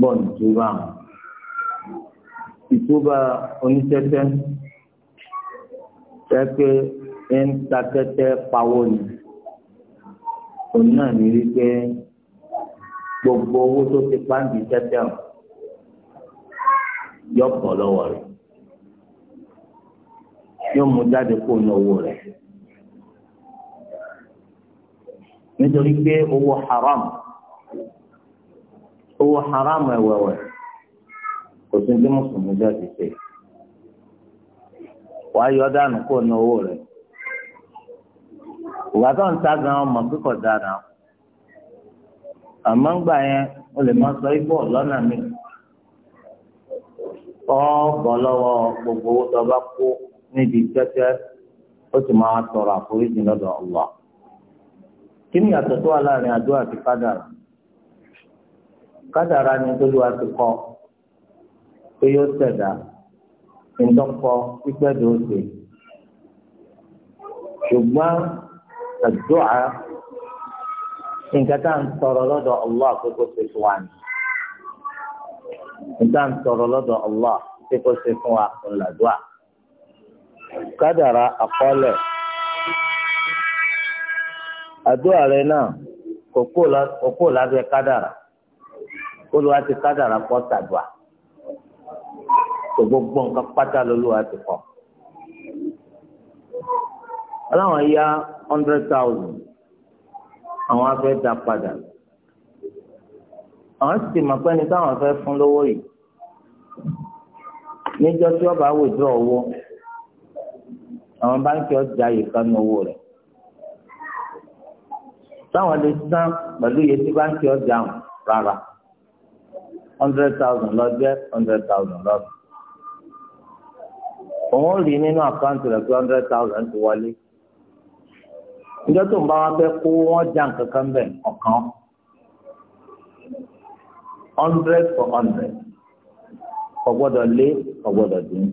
bọ̀ nìtúbà ìtúbà oníṣẹ́ṣẹ́ ṣe pé ń ta tẹ́tẹ́ pawó ni òun náà ní wípé gbogbo owó tó ti pàǹdì tẹ́tẹ́ o yọ pọ̀ lọ́wọ́ rẹ̀ yóò mú jáde kó náwó rẹ̀ nítorí pé owó haram. owó haram ẹ̀wẹ̀wẹ̀ kò sí ní mùsùlùmí bẹ́ẹ̀ ti ṣe wàá yọ dànù kó ní owó ìwà tó ń ta gan ọmọ àmọ́ ọ bọ̀ gbogbo owó tó bá kó níbi tẹ́tẹ́ ó sì máa tọrọ àforíjì lọ́dọ̀ kí ni kádàrá ni tóluwa ti kọ pé yóò ṣẹ̀dá ìtọ́kọ pípẹ́ dòóse ṣùgbọ́n àdúrà nǹkan tá à ń lọ́dọ̀ Allah ṣe fún wa ni nǹkan tá à ń lọ́dọ̀ Allah ṣe fún wa kádàrá àkọọ́lẹ̀ àdúrà rẹ náà lábẹ́ kádàrá. olùwà ti kádàrà kọ́ sàdùà tó gbogbo nǹkan pátá lolùwà ti kọ́ aláwọn ya hundred thousand àwọn afẹ́ dá padà àwọn sì mọ̀ pé ní táwọn fẹ́ fún lówó yìí níjọ́ tí ọba àwùjọ owó àwọn báńkì ọjà yìí kan ní owó rẹ̀ táwọn lè san pẹ̀lú iye tí báńkì ọjà rárá hundred thousand lọ́jẹ́ hundred thousand lọ́sùn. òun rí nínú àkáǹtì rẹ̀ pé hundred thousand ti wọlé. ìjọ́ tó ń bá wọn fẹ́ kó wọ́n já nǹkan kan bẹ̀ ọ̀kan hundred for hundred kò gbọ́dọ̀ lé kò gbọ́dọ̀ dín.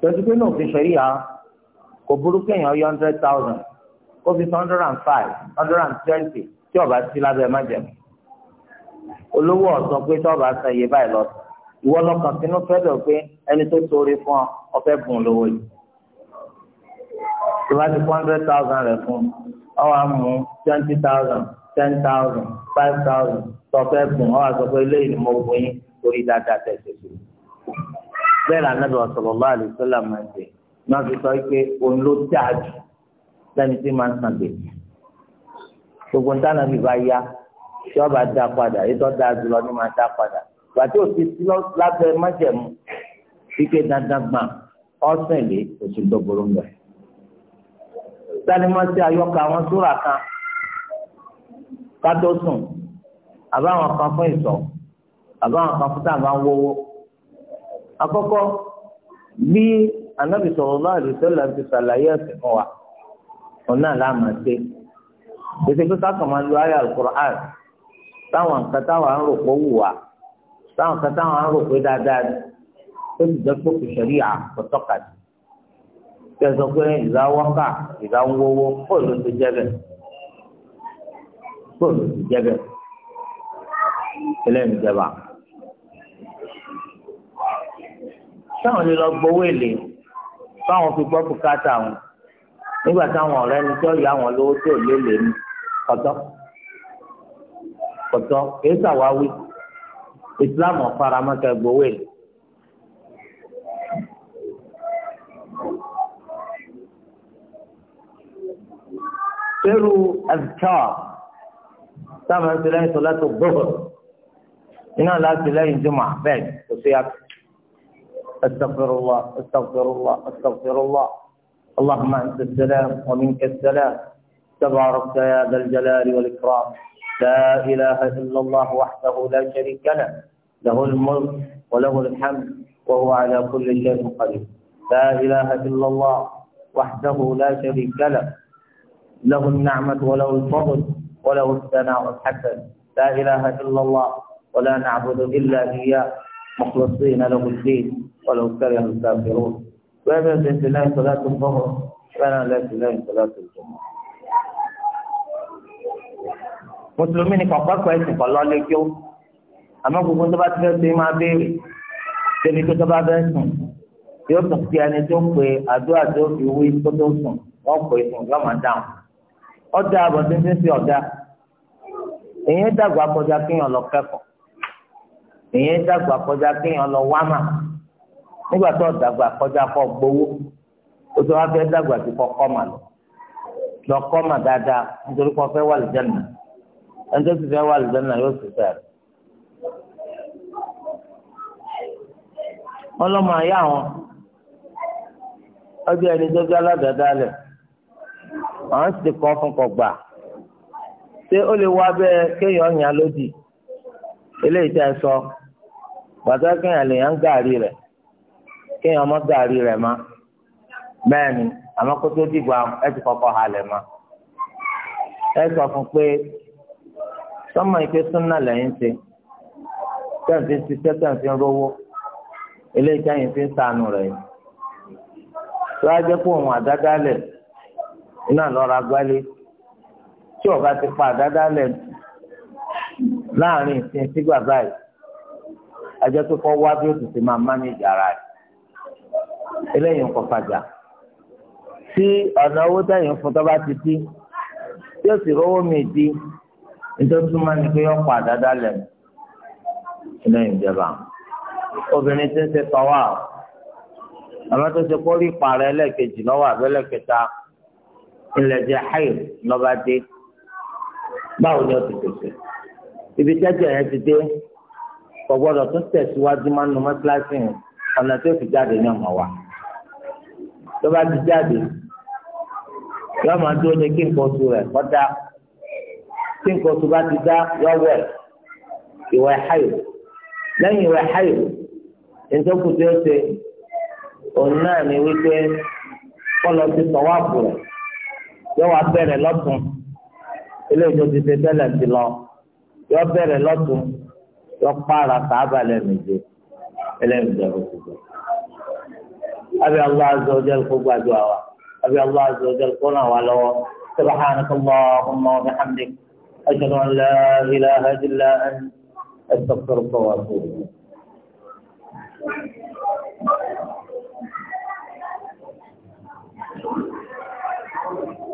tọ́jú pé náà òfin ṣẹ̀ríyà kò burú kéèyàn yọ hundred thousand kó fi sí hundred and five hundred and twenty tí ọba sí lábẹ́ májẹ̀mú olówó ọ̀sán pé tọ́ba san iye báyìí lọ ìwọ lọ́kàn sínú fẹ́dọ̀ pé ẹni tó torí fún ọ ọfẹ́ bùn lówó yìí tó bá ti kó hundred thousand rẹ̀ fún ọ wà mú twenty thousand ten thousand five thousand tọ́fẹ́ bùn ọ wà sọ pé eléyìí ni mo bùn yín torí dáadáa tẹ̀sí sí i bẹ́ẹ̀ la nàbẹ̀ sallallahu alaihi wasallam máa ń tẹ̀ máa fi sọ pé òun ló dáa jù lẹ́ni tí máa ń sàn gbèsè gbogbo ń tánà tí wọ́n bá dá padà èyí tó dáa jùlọ ni máa dá padà gbàtí òsì sí lábẹ́ májẹ̀mú kíkẹ́ dandan gbà ọ̀sẹ̀ lé oṣù gbogbo ń bẹ̀. sani máa ṣe àyọkà àwọn súrà kan kátó sùn àbáwọn kan fún ìsọ àbáwọn kan fún tàbá ń wówó. àkọ́kọ́ bí anábì sallallahu alaihi wasallam ti ṣàlàyé ẹ̀sìn fún wa òun náà láàmà ṣe. èsì pé ká máa lo ayé al-Qur'an táwọn nǹkan táwọn ń rò pé wù wá táwọn nǹkan táwọn ń rò pé dáadáa tó ti jẹ́ pé kò sẹ́rí àkọ́tọ́ka jù kí ẹ sọ pé ìdá wọ́kà ìdá wọ́wọ́ kó ló ti jẹ́ bẹ́ẹ̀ kó ló ti jẹ́ bẹ́ẹ̀ ẹlẹ́yìn ìjẹba. táwọn lè lọ gbowó èlé fáwọn fi gbọ́ bùkátà wọn nígbà táwọn ọ̀rẹ́ ni tí ó yá wọn lówó tí ò lé ní ọ̀tọ̀. kọ̀tọ́ kìí sàwáwí islam ọ̀faramọ́kẹ́ gbowó èlé. sẹ́rù ẹ̀fíkà sábà ń tilẹ̀ sọ tó gbọ́dọ̀ iná láti lẹ́yìn jùmọ̀ bẹ́ẹ̀ kò sí yàtọ̀. استغفر الله استغفر الله استغفر الله اللهم انت السلام ومنك السلام تبارك يا ذا الجلال والاكرام لا إله إلا الله وحده لا شريك له له الملك وله الحمد وهو على كل شيء قدير لا إله إلا الله وحده لا شريك له له النعمة وله الفضل وله الثناء الحسن لا إله إلا الله ولا نعبد إلا إياه مخلصين له الدين ولو كره الكافرون وهذا الإسلام صلاة الظهر وأنا لا إله صلاة الجمعة mùsùlùmí ni kọ̀kọ́kọ́ ẹ̀sìn kọ́ lọ́lé kí ó àmọ́ gbogbo tó bá ti fẹ́ ṣe máa béèrè débi tó tó bá fẹ́ sùn yóò tún fi ẹni tó pe àdúrà tó fi wí kó tó sùn wọ́n pè sùn yóò máa dáhùn ọjà àbọ̀ títí sí ọ̀dà èyí dàgbà kọjá kéèyàn lọ kẹ́kọ̀ọ́ èyí dàgbà kọjá kéèyàn lọ wámà nígbà tó dàgbà kọjá kọ gbowó o tó wá fẹ́ dàgbà sí kọ́ kọ́ mà lọ lọ kọ́ mà dáadáa nítorí kọ́ fẹ́ wà lìjẹ́ nìyẹn. ẹni tó sì fẹ́ wà lùdánù náà yóò sì fẹ́ rẹ̀. wọ́n lọ́mọ àyà wọn ọjọ́ ẹni tó gbé aládàáda lẹ̀ àwọn sì kọ́ fún kọ ṣé ó lè wá bẹ́ẹ̀ kéèyàn yàn lódì eléyìí tẹ́ ẹ sọ gbàtà kéèyàn lè yàn gàrí rẹ̀ kéèyàn mọ́ gàrí rẹ̀ má ni sọ́mọ ìpè súnà lẹ́yìn ṣe tẹ̀sí ṣiṣẹ́ tẹ̀sí rówó eléyìí tẹ̀yìn fi ń sànù rẹ̀ tó a jẹ́ kó òun àdádálẹ̀ iná lọ́ra gbálé tí ọba ti pa àdádálẹ̀ láàrin ìsìn sígbà báyìí a jẹ́ kó kọ́ wá bí ó ti ti máa mánéjì ara rẹ̀ eléyìí ń kọ́ fàjà tí ọ̀nà owó tẹ̀yìn fún tọ́ba ti dín tí ó sì rówó mi dín nítorí tó máa ní pé ọ̀pọ̀ àdáda lẹ̀ ilé ìjọba obìnrin tí ń ṣe tọ́wà àmọ́ tó ṣe kórìí ìpààrọ̀ ẹlẹ́ẹ̀kejì lọ́wọ́ àbẹ́lẹ́kẹta ilẹ̀ jẹ́ háì lọ́ba dé báwo ni ó ti pèsè ibi jẹ́jẹ́ yẹn ti dé kò gbọ́dọ̀ tó tẹ̀síwájú máa ń nu mọ́tíláṣí yẹn ọ̀nà tó fi jáde ní ọmọ wa tó bá ti jáde yọ máa dúró ní kí nǹkan oṣù rẹ̀ kọ́ dáa tí nǹkan oṣù bá ti dá yọwọ́ ẹ̀ ìwà ẹ̀háyò lẹ́yìn ìwà ẹ̀háyò ìjọkùn tí ó ṣe òun náà ni wípé kọ́lọ ti tọ́wáàpù rẹ̀ yóò wá bẹ̀rẹ̀ lọ́tún eléyìí tó ti ṣe tẹ́lẹ̀ ti lọ yóò bẹ̀rẹ̀ lọ́tún yóò pààrà sàábà lẹ́mìíje ẹlẹ́mìíje ló ti bẹ̀. abi allah azza wa jal kó gbàdúrà wa abi allah azza wa jal أشهد أن لا إله إلا أن أستغفر وأتوب إليك Thank you.